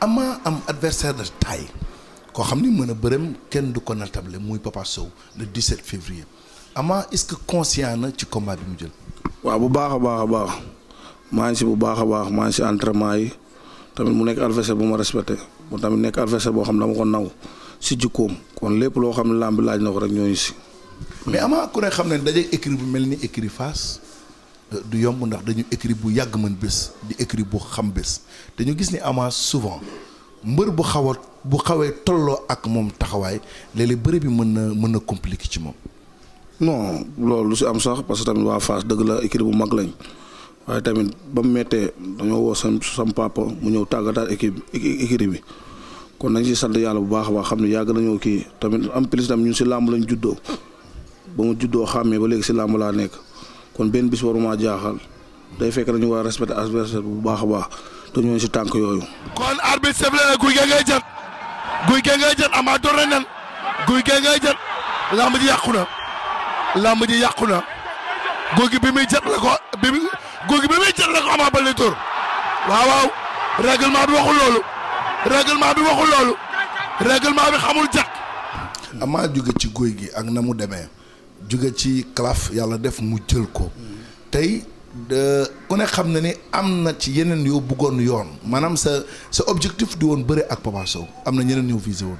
Ama am adversaire de taille koo xam ni mën a bërëm kenn du ko natable muy Papa Sow le 17 février Ama est-ce que conscient na ci combat bi mu jël. waaw bu baax a baax a baax maa si bu baax a baax maa ngi si entraînement yi tamit mu nekk adversaire bu ma respecté mu tamit nekk adversaire boo xam ne dama ko naw si jikkoom kon lépp loo xam ne làmb laaj na ko rek ñoo si. mais Ama ku ne xam ne daje écurie bu mel ni écurie Fass du yomb ndax dañu écrit bu yàgg mën bés di écrit bu xam bés te ñu gis ni Ama souvent mbër bu xaw a bu xawee tolloo ak moom taxawaay léeg-léeg bëri bi mën na mën na compliqué ci moom. non loolu lu si am sax parce que tamit waa Fass dëgg la équipe bu mag lañ waaye tamit ba mu mettee dañoo woo sam mu ñëw tàggataat équipe équipe bi kon nañ si sant yàlla bu baax a xam ne yàgg nañoo kii tamit am plus tam ñu si làmb lañ juddoo ba mu juddoo xàmmee ba léegi si làmb laa nekk. kon benn bis waruma jaaxal day fekk dañu war a respecter adversaire bu baax te ñooñu si tànk yooyu. kon arbitre sëble na guy gee ngay jël guy gee ngay jël amaat doon nañ guy gee ngay jël làmb ji yàqu na làmb ji yàqu na guy gi bi muy jël la ko bi muy guy waaw waaw règlement bi waxul loolu règlement bi waxul loolu règlement bi xamul jàkk. amaa jóge ci guy gi ak na mu demee. jóge ci calaf yàlla def mu jël ko tey ku ne xam ne ni am na ci yeneen yoo bëggoon yoon maanaam sa sa objectif di woon bëre ak Papa Sow am na ñeneen yoo visé woon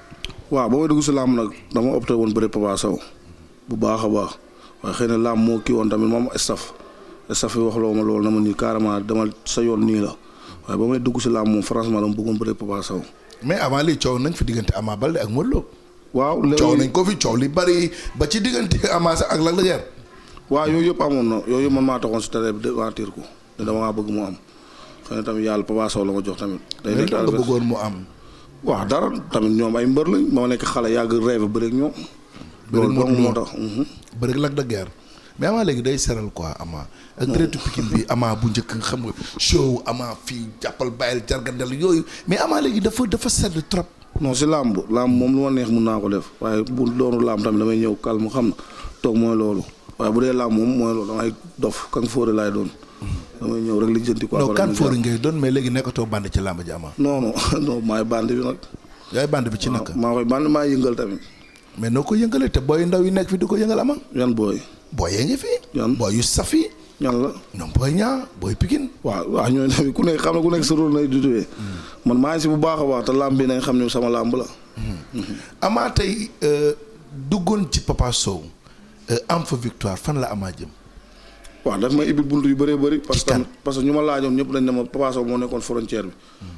waaw ba may dugg si làmb nag dama opté woon bëre Papa bu baax a baax waaye xëy na làmb moo kii woon tamit moom staff staff yi wax loo ma loolu na ma nii carrément dama sa yoon nii la waaye ba may dugg si làmb moom franchement dama bëggoon bëre Papa Sow mais avant lii coow nañ fi diggante Ama Baldé waaw léegi coow nañ ko fi bari ba ci diggante Amath ak Lac de Guiers. waaw yooyu yëpp amoon na yooyu man maa taxoon si télé bi démentir ko ne bëgg mu am xëy na yàlla Papa la ma jox tamit. day nekk nga bëggoon mu am. waaw dara tamit ñoom ay mbër lañ ma nekk xale yàgg rêve bëri ak ñoom. moo tax mhm. bëri ak Lac de Guiers mais léegi day seral quoi Ama. ak dëretu Pikine bi amaa bu njëkk nga xam nga show Ama fii jàppal bàyyil jargandel yooyu mais amaa léegi dafa dafa sedd trop. non si làmb làmb moom lu ma neex mun naa ko def waaye bu doonu làmb tamit damay ñëw calme xam na toog mooy loolu waaye bu dee làmb moom mooy loolu damay dof kan fóore laay doon. damay ñëw rek lijjanti ko. non kan fóore ngay mais léegi nekkatoo band ci làmb ji ama. non non non maay band bi nag. yaay band bi ci naka. maa koy band maa yëngal tamit. mais noo ko yëngalee te booy ndaw yi nekk fi di ko yëngal ama. yan booy. booy yaa ngi fi. yan booy yu saf yi ñan la. ñoom booy ñaa booy pikin. waaw waaw ñooñu ku nekk xam ne ku nekk sa rôle nay dutuwee. Hmm. man maa ngi si bu baax a baax te làmb bi na xam ne sama làmb la. Hmm. Ama tey euh, duggoon ci Papa soow euh, am fa victoire fan la amaa jëm. waaw daf may ibbi bunt yu bëree bëri. parce que parce ñu ma laajoon ñëpp dañ ne ma moo nekkoon frontière bi.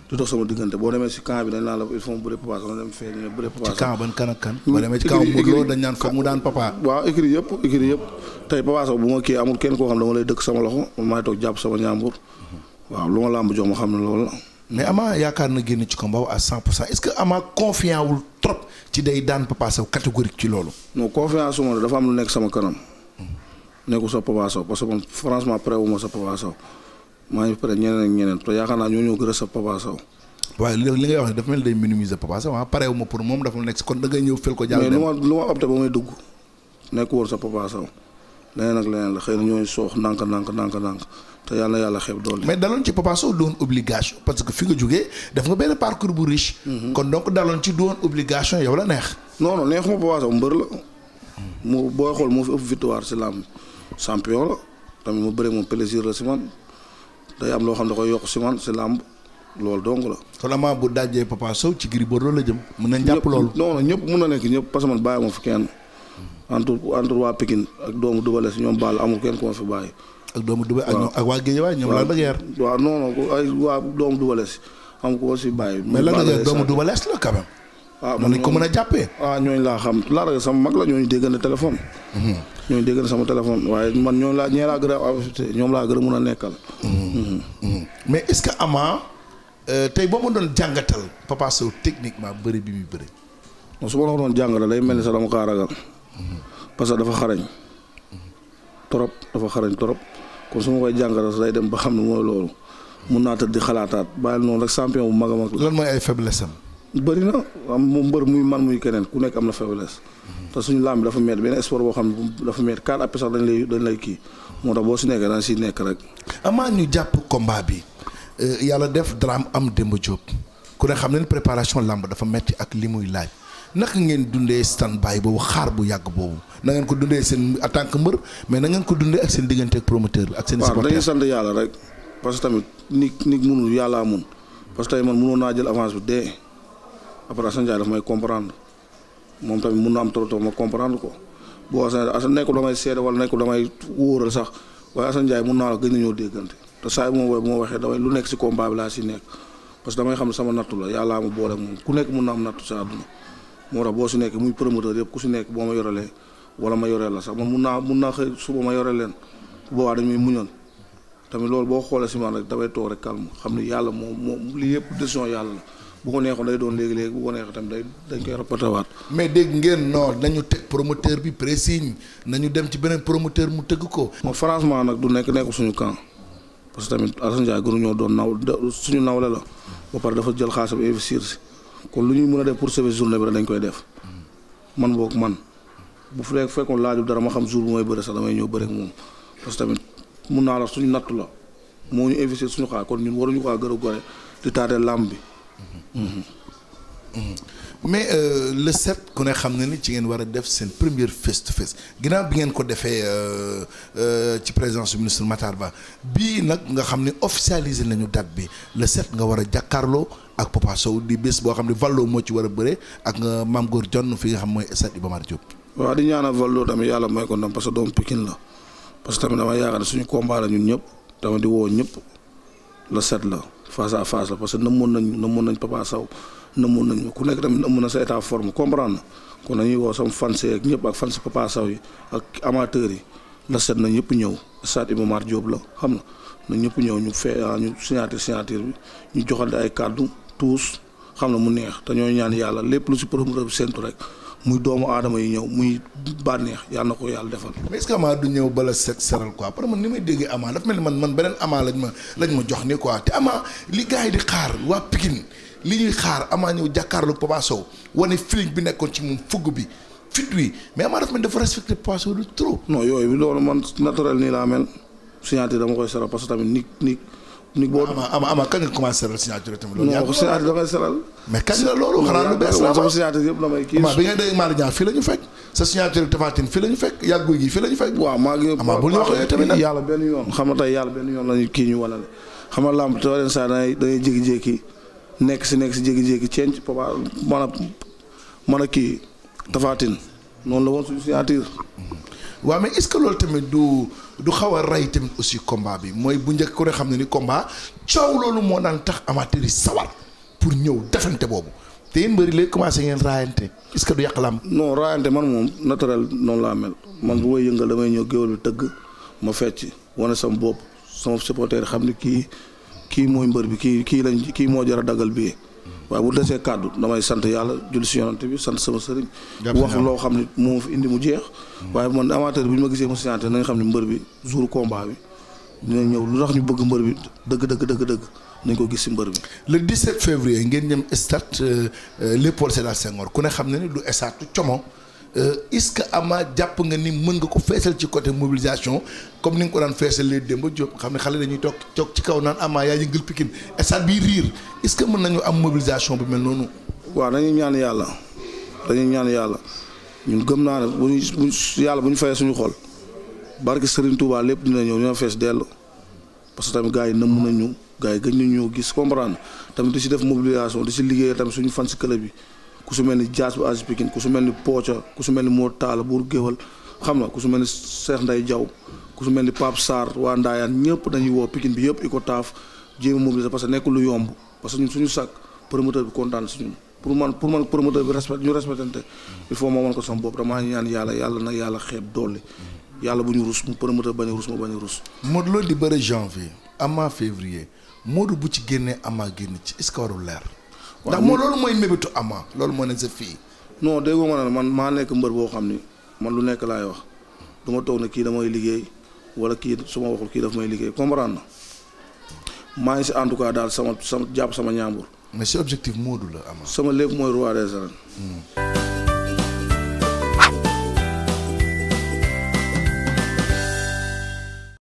du dox sama diggante boo demee si camp bi dañ naan la il faut mu bëree Papa Sow nga dem fee ñu ne bëree hmm, mu daan papa. waaw écrit yëpp tey Papa bu ma kii amul kenn koo xam dama lay dëkk sama loxo maay toog jàpp sama ñaambur waaw lu ma làmb jox ma xam ne loolu la. mais Ama yaakaar na génn ci combat à 100 pour cent est-ce que Ama confiant trop ci day daan Papa Sow catégorique ci loolu. non confiance su ma dafa nekk sama kanam nekkul sa Papa Sow parce que man franchement pare wu ma sa Papa maa ngi pare ñeneen ak ñeneen te yaakaar naa ñoo ñëw a sa Papa Sow. waaye li li ngay wax dafa mel day minimiser Papa ah ko. jàll mais lu ma lu ma opté ba may dugg nekk woon leneen la xëy na ñooy soox ndànk ndànk ndànk ndànk te yàlla na yàlla xeeb doole. mais daloon ci Papa Sow doon obligation parce que fi nga jógee def benn parcours bu riche. Mhm. kon donc daloon ci doon obligation la neex. non non neexuma Papa Sow mbër la. mu boo xool moo fi ëpp victoire ci làmb champion la tamit mu bëri moom plaisir la si man day am loo xam da koy yokk si man si làmb loolu dong la. kon Ama bu dajee Papa Sow ci Gris Bordeaux la jëm. mën nañ jàpp loolu non non ñëpp mën na nekk ñëpp parce que man bàyyi ma fi kenn. entre entre waa Pikine ak doomu Dubale si ñoom Baal amul kenn ku ma fi bàyyi. ak doomu Dubale ak ñoom ak waa Guédiawaye ñoom ay waa doomu Dubale am ko si bàyyi. mais la dëgër doomu Dubale la quand man ah, lañ ko mën a jàppee. waaw ah, ñooñu laa xam laa rek sama mag la ñooñu déggante téléphone. Mhm. ñooñu dégg na sama téléphone waaye man ñoom laa ñee laa gën a affecté ñoom laa gën a mun a nekkal. Hmm. mais est-ce que Ama euh, tey boo ma doon jàngatal Papa Sow techniquement bëri bi muy bëri. moom su ma la jàngatal day mel ni sax dama kaa ragal. parce que dafa xarañ. torop dafa xarañ trop kon su ma koy jàngatal day dem ba xam ne mooy loolu mun naa tëdd di xalaataat bàyyi noonu rek champion bu mag mag. lan mooy ay faiblesse am. bëri na am moom mbër muy man muy keneen ku nekk am na faiblesse. Mhm. te suñu làmb dafa métti benn sport boo xam ne dafa métti kaar après sax dañ lay dañ moo tax boo si nekkee nekk rek. amaa ñu jàpp combat bi euh, yàlla def drame am Demba Diop ku xam ne préparation làmb dafa metti ak li muy laaj naka ngeen dundee stand by boobu xaar bu yàgg boobu na ngeen ko dundee seen en tant que mbër mais na ngeen ko dundee ak seen diggante ak promoteur bi ak seen supporter waaw yàlla rek parce que tamit nit nit yàlla yàllaa mun parce que tey man mënoon naa jël avance bi dee. après Assane Ndiaye daf may comprendre moom tamit mun na am trop ma comprendre ko boo Assane Assane nekkul damay seede wala nekkul damay wóoral sax waaye Assane Ndiaye mun naa la a ñëw déggante te saa yi moom bu ma waxee damay nekk si combat bi laa si nekk parce que damay xam ne sama nattu la yàllaa ma boole moom ku nekk mun na am nattu sa àdduna moo tax boo si nekk muy promoteur yëpp ku si nekk boo ma yorelee wala ma yoreel la sax man mun naa mun naa xëy suba ma yoreel leen bu boobaa dañuy muñoon tamit loolu boo xoolee si man rek damay toog rek calme xam ni yàlla bu ko neexoon day doon léegi léegi bu ko neexoon tam day dañ koy rapporté waat. mais dégg ngeen non nañu teg promoteur bi pressing nañu dem ci beneen promoteur mu tëgg ko. moom franchement nag du nekk nekku suñu camp parce que tamit Alassane Ndiaye gënuñoo doon naw suñu nawle la ba pare dafa jël xaalisam investir si kon lu ñuy mën a def pour sauver journée bi rek dañ koy def man boog man bu fekk fekkoon laaju dara ma xam jour bu may bëre sax damay ñëw bëre moom parce que mun naa la suñu nattu la moo ñu investir suñu xaar kon ñun waruñu ko gër a gore di taatee làmb bi. mais euh, le sept ku ne xam na ni ci ngeen war a def seen première face to face ginnaaw bi ngeen ko defee euh, euh, ci présence du ministre Matar Ba bii nag nga xam ne officialisé nañu date bi le sept nga war a jàkkaarloo ak Papa Sow di bés boo xam ne Vallo moo ci war a bëre ak nga Mame Gor Dione fi nga xam mooy stade Iba Mar Diop. waaw di ñaanal Vallo tamit yàlla may ko ndam parce que doomu Pikine la parce que tamit dama yaakaar ne suñu combat ñun ñëpp dama di woo ñëpp le sept la. face à face la parce que namoon nañ namoon nañ Papa Sow namoon ku nekk tamit amoon na sa état forme comprendre kon dañuy woo sama fans ak ñëpp ak fans Papa Sow yi ak amateurs yi la set na ñëpp ñëw stade Iba Mar Diop la xam na na ñëpp ñëw ñu fee ah, ñu signature signature bi ñu joxante ay kàddu tuus xam na mu neex te ñooy ñaan yàlla lépp lu si promoteur bi séntu rek muy doomu aadama yi ñëw muy bànneex yàlla na ko yàlla defal. mais est-ce du ñëw bala set seral quoi parce que man ni may déggee Ama dafa mel ni man man beneen Ama lañ ma lañ ma jox ni quoi te Ama li gars yi di xaar waa Pikine li ñuy xaar Ama ñëw jàkkaarloog Papa Sow wane feeling bi nekkoon ci moom fugg bi fit wi mais Ama dafa mel dafa respecté Papa du trop. non yooyu loolu man naturel nii laa mel signature dama koy seral parce que tamit nit nit. ni boo ama ama kañ nga commencé seral signature tamit loolu sa signature tafatine fii la ñu fekk yàgg guy gi la ñu fekk waaw maa ngi ama a a noonu la woon suñu signature waaw mais est loolu tamit du du xaw a rey tamit aussi combat bi mooy bu njëkk ku ne xam ne ni combat coow loolu moo daan tax amateur yi sawar pour ñëw defante boobu te yéen mbëri léegi commencé ngeen raayante est que du yàq lamb non raayante man moom naturel noonu laa mel man bu may yëngal damay ñëw géwél bi tëgg ma fecc wane sama bopp sama supporter xam ni kii kii mooy mbër bi kii kii lañ kii moo jar a dagal bii waaye bu desee kàddu damay sant yàlla julli si yonante bi sant sama sëriñ wax loo xam ne moom fi indi mu jeex waaye man amateur bi ñu ma gisee ma signante nañ xam ne mbër bi jour combat bi dina ñëw lu tax ñu bëgg mbër bi dëgg dëgg dëgg dëgg nañ ko gis si mbër bi le 17 février ngeen ñëm stade euh, euh, Léopold Sédar Senghor ku ne xam ne ni du stade Como Euh, est-ce que Ama jàpp nga ni mën nga ko feesal ci côté mobilisation comme ni nga ko daan feesalee démb Diop xam ne xale dañuy toog toog ci kaw naan Ama yaa yëngal Pikine stade bi riir est-ce que mën nañu am mobilisation bu mel noonu. waaw dañuy ñaan yàlla dañuy ñaan yàlla ñun gëm naa ne bu ñu yàlla bu ñu fayee suñu xol barke Serigne Touba lépp dina ñëw ñoo fees dellu parce que tamit gars yi nëmm nañu gaay yi gëj nañu ñoo gis comprendre tamit di si def mobilisation di si liggéey tamit suñu fan si club bi. ku su mel ni Dias bu AS Pikine ku su mel ni Poca ku su mel ni Mor Talla Buur Géwal xam na ku su mel ni Cheikh Nday jaw ku su mel ni Pape Sarr waa Ndaayaan ñëpp dañuy woo Pikine bi yëpp i ko taaf jéem a mobiliser parce que nekk lu yomb parce que ñun suñu sàkk promoteur bi kontaan si ñun pour man pour man promoteur bi respect ñu respectante il faut moo man ko sama bopp damaa ñaan yàlla yàlla na yàlla xeeb doole yàlla bu ñu rus mu promoteur bañ a rus ma bañ a rus. Modou Lo di bëre janvier Ama février Modou bu ci génnee Ama génn ci est-ce leer. ndax moo loolu mooy mébétu amaa loolu moo ne sa fii. non dégg nga man maa nekk mbër boo xam ni man lu nekk laay wax du ma na ne kii damay liggéey wala kii su ma waxul kii daf may liggéey comprendre na maa ngi si en tout cas daal sama sama jàpp sama ñaambur. mais si objectif Modou la Ama. sama lépp mooy roi des arènes. Hmm.